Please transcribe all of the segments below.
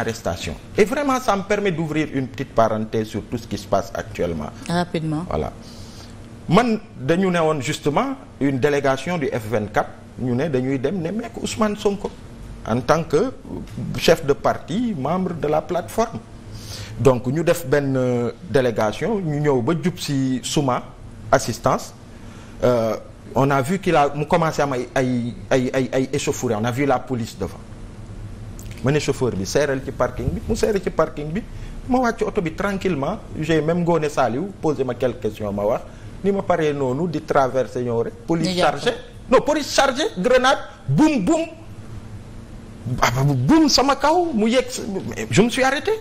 arrestation. vraiment, ça me permet d'ouvrir une petite parenthèse sur tout ce qui se passe actuellement. Rapidement. Voilà. man dañu ne woon justement une délégation du F24 ñu ne dañuy dem ne meek Ousmane Sonko en tant que chef de partie membre de la plateforme donc ñu def benn euh, délégation ñu ñëw ba jub si Souma assistance euh, on a vu qu'il mu commencé am ay ay ay ay ay échauffourée on a vu la police devant ma ne chauffeur bi seeral ci parking bi mu seere ci parking bi ma wàcc oto bi tranquillement j'ai même ngoone saaliw posé ma quelques questions ma wax ni ma paree noonu di traversé ñëw rek police chargé non police chargé grenade boum boum ah, boum sama kaw mu yegg je me suis arrêté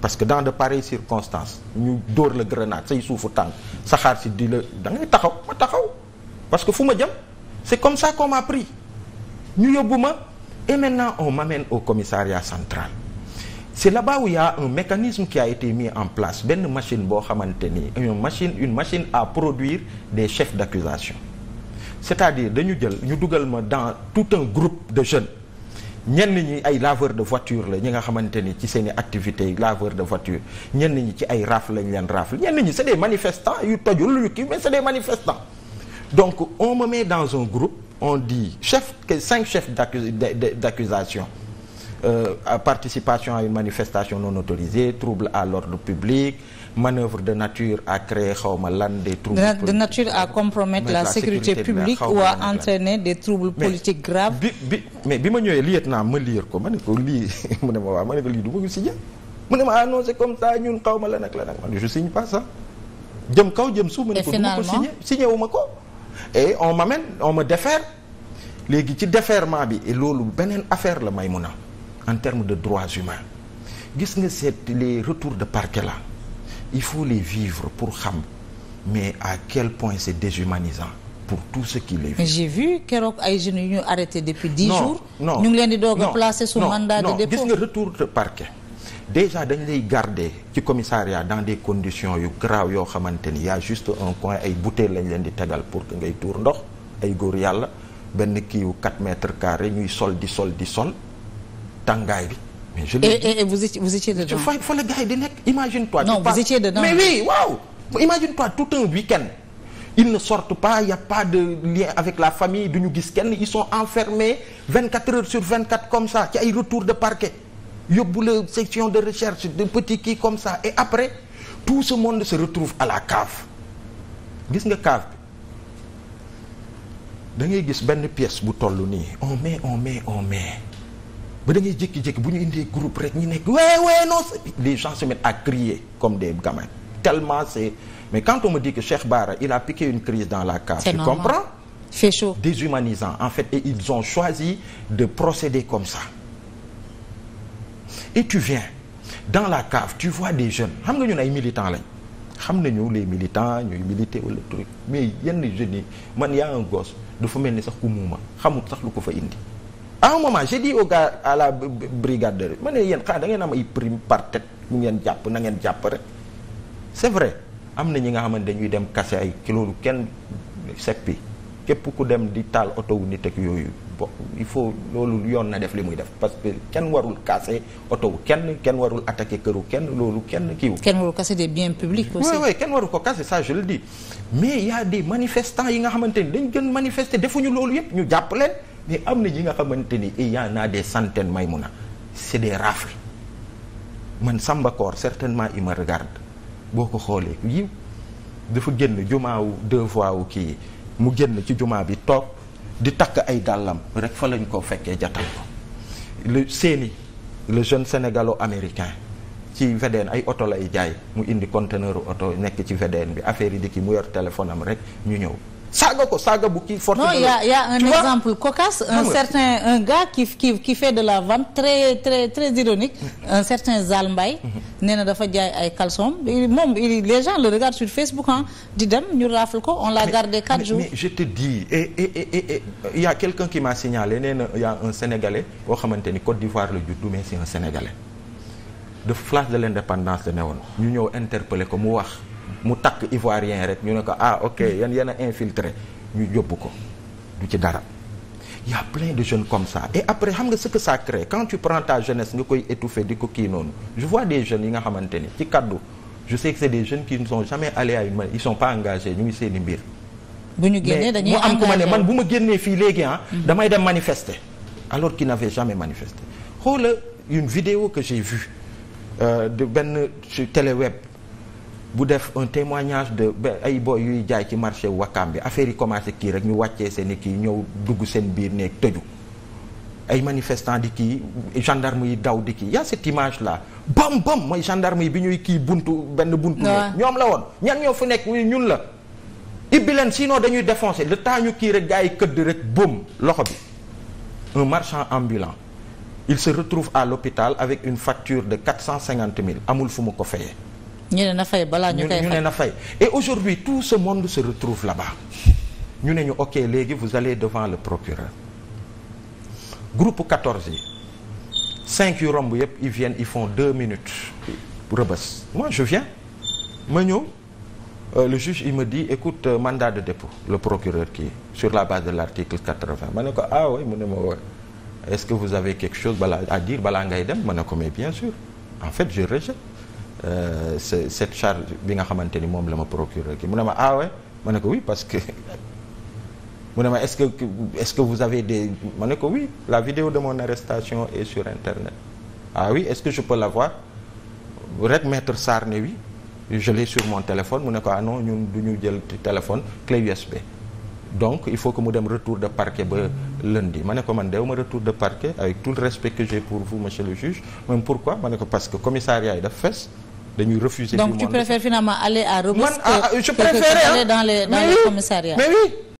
parce que dans de pareilles circonstances ñu dóor la grenade say suufu tànk saxaar si di la da ngay taxaw ma taxaw parce que fu ma jëm c'est comme ça qu'on m'a pris ñu yóbbu ma Et un on m'amène au commissariat central. C'est là-bas où un mécanisme ki a été mis en place, benn machine boo xamante ni un machine une machine à produire des chefs d'accusation. C'est-à-dire dañu jël ñu dugal ma dans tout un groupe de jeunes ñenn ñi ay laveur de voiture la ñi nga xamante ni ci seen activité activités laveur de voiture ñenn ñi ci ay rafle lañ leen rafle ñenn ñi c'est des manifestants yu tojul yu kii mais c'est des manifestants donc on me met groupe on dit chef cinq chefs d'accusation euh, participation à une manifestation non autorisée trouble à l'ordre public manœuvre de nature à créer xawma lan des troubles de, de nature à compromettre la, sécurité, sécurité publique ou à entraîner des troubles mais, politiques graves bi bi mais bi ma ñëwee lieutenant ma liir ko ma ne ko lii mu ne ma waaw ma ne ko lii du ma ko signé ne ma annoncé comme ça ñun xawma lan ak lan ak man je signe pas jëm kaw jëm suuf ma ne ko du ma ko signé signé ma ko et on m'amène on me défère léegi ci déferment bi et loolu beneen affaire la may mun a en terme de droits humains gis nga c'est les retours de parquet là il faut les vivre pour xam mais à quel point c'est déshumanisant pour tout ce qui les vit. mais j'ai vu keroog ay jeunes yu ñu arrêté depuis dix jours. non non ñu ngi leen di doog a placer sous mandat de dépôt. non gis nga retour de parquet. déjà dañu lay garder ci commissariat dans des condition yu grave yoo xamante ni y a juste un coin ay bouteille lañ leen di tegal pour que ngay tuur ndox ay góor yàlla benn kiiwu 4 mètres carrés ñuy sol di sol di sol tàngaay bi. mais je et et vous étiez vous étiez dedans. fa fa la gars yi di nekk imagine toi. non vous étiez ñu gis kenn ils sont enfermés 24 heures sur 24 comme ça ci ay retour de parquet. yóbbu la section de recherche de petit kii comme ça et après tout ce monde se retrouve à la cave gis nga cave bi da ngay gis benn pièce bu toll nii on met on met on met ba da ngay jékki-jékki bu ñu indee groupe rek ñu nekk ouais ouais non les gens se mettent à crier comme de gamins tellement c'est mais quand on me dit que Cheikh Bara il a piqué une crise dans la cave tu comprends c'est en fait et ils ont choisi de procéder comme ça et tu viens dans la cave tu fois des jeunes xam nga ñun ay militants lañ xam nañu les militants ñuy militer wala truc mais yenn jeunes yi man yaa un gosse dafa mel ni sax ku muuma xamul sax lu ko fa indi. à un moment j'ai dit à la brigade de ma ne yéen xanaa da ngeen am ay prime par tête mu ngeen jàpp na ngeen jàpp rek c'est vrai am na ñi nga xamante dañuy dem kase ay kilo lu kenn seppi. képp ku dem di taal oto wu nit ak yooyu bon il faut loolu yoon na def li muy def parce que kenn warul casser oto wu kenn kenn warul attaquer këru kenn loolu kenn kiiw kenn warul casser des biens publics aussi oui kenn warul ko casser sa je le dis mais y a des yi nga xamante ni dañ gën manifester defuñu loolu yëpp ñu jàpp leen mais am na ñi nga xamante ni il y en des centaines may mun a c'est des rafles man Samba Kor certainement il boo ko xoolee yiw dafa génn jumaawu deux fois wu kii mu génn ci jumaa bi toog di takk ay dàllam rek fa lañ ko fekkee jatal ko le seeni le jeune sénégalo-américain ci VDN ay oto lay jaay mu indi conteneur oto nekk ci VDN bi affaire yi di ki mu yor téléphone am rek ñu ñëw saaga ko saaga bu kii forte. non y' a y' a un exemple cocasse un certain un gars qui qui fait de la vente très très très ironique. un certain Zal mbay nee na dafa jaay ay caleçon moom les gens le regardent sur Facebook di dem ñu rafle ko on l'a gardé quatre jours. mais je te dis et et et et y' a quelqu'un qui m'a signalé nee na un sénégalais boo xamante ni Côte d'Ivoire la juddu mais c'est un sénégalais de place de l'indépendance la ne woon ñu ñëw interpeller ko mu wax. mu takk ivoirien rek ñu ne ko ah ok yan yan a ñu yóbbu ko du ci dara y a plein de jeunes comme ça et après xam nga ce que ça crée quand tu prends ta jeunesse nga koy étouffer di ko kii noonu je vois des jeunes yi nga xamante ni ci kaddu je sais que des jeunes qui ne sont jamais allés à une manif ils sont pas engagés ñu ngi seeni mbir. bu am ko ma ne man bu ma génnee fii léegi ah. Mm-hmm. damay dem manifester alors qu'ils n'avaient jamais manifesté xoola une vidéo que j'ai vue euh, de bu def un témoignage de ay boy yuy jaay ci marché wakkaam bi affaire yi commencé kii rek ñu wàccee seen i kii ñëw dugg seen biir néeg tëju ay manifestant di kii gendarme yi daw di kii y a cette image là bam bam mooy gendarme yi bi ñuy kii buntu benn buntu ne ñoom la woon ñan ñoo fu nekk ñun la ibbi leen sinon dañuy défoncer le temps ñu kii rek gars yi këdd rek boom loxo bi un marchand ambulant il se retrouve à l'hôpital avec une facture de quatre cent cinquante mille amul fu ma ko fayee ñu ne na fay balaa ñu koy ñu ne na fay et aujourd'hui tout ce monde se retrouve là-bas ñu ne ñu ok léegi vous allez devant le procureur groupe 14 yi cinq yu romb yëpp ils viennent ils font deux minutes rëbës moi je viens ma ñëw Euh, le juge il me dit écoute euh, mandat de dépôt le procureur qui sur la base de l'article 80 ma ne ko ah oui mu ne ma woon est-ce que vous avez quelque chose balaa à dire balaa ngay dem ma ne ko mais bien sûr en fait je rejette Euh, cette charge bi nga xamante ni moom la ma procureur ki mu ne ma ah ouais ma ne ko wii parce que mu ne ma est-ce que est-ce que vous avez des ma ne ko wii la vidéo de mon arrestation et sur internet ah oui est-ce que je peux la voir rek maître Sarr ne oui je l'ai sur mon téléphone mu ne ko ah ñun du ñu jël téléphone clé USB donc il faut que mu dem retour de parquet ba lundi ma ne ko man dew ma retour de parquet avec tout le respect que j'ai pour vous monsieur le ko parce que commissariat yi daf fees dañuy refuser. donc tu préfères finalement aller à. man ah, ah, que aller dans les dans les commissariats. mais oui.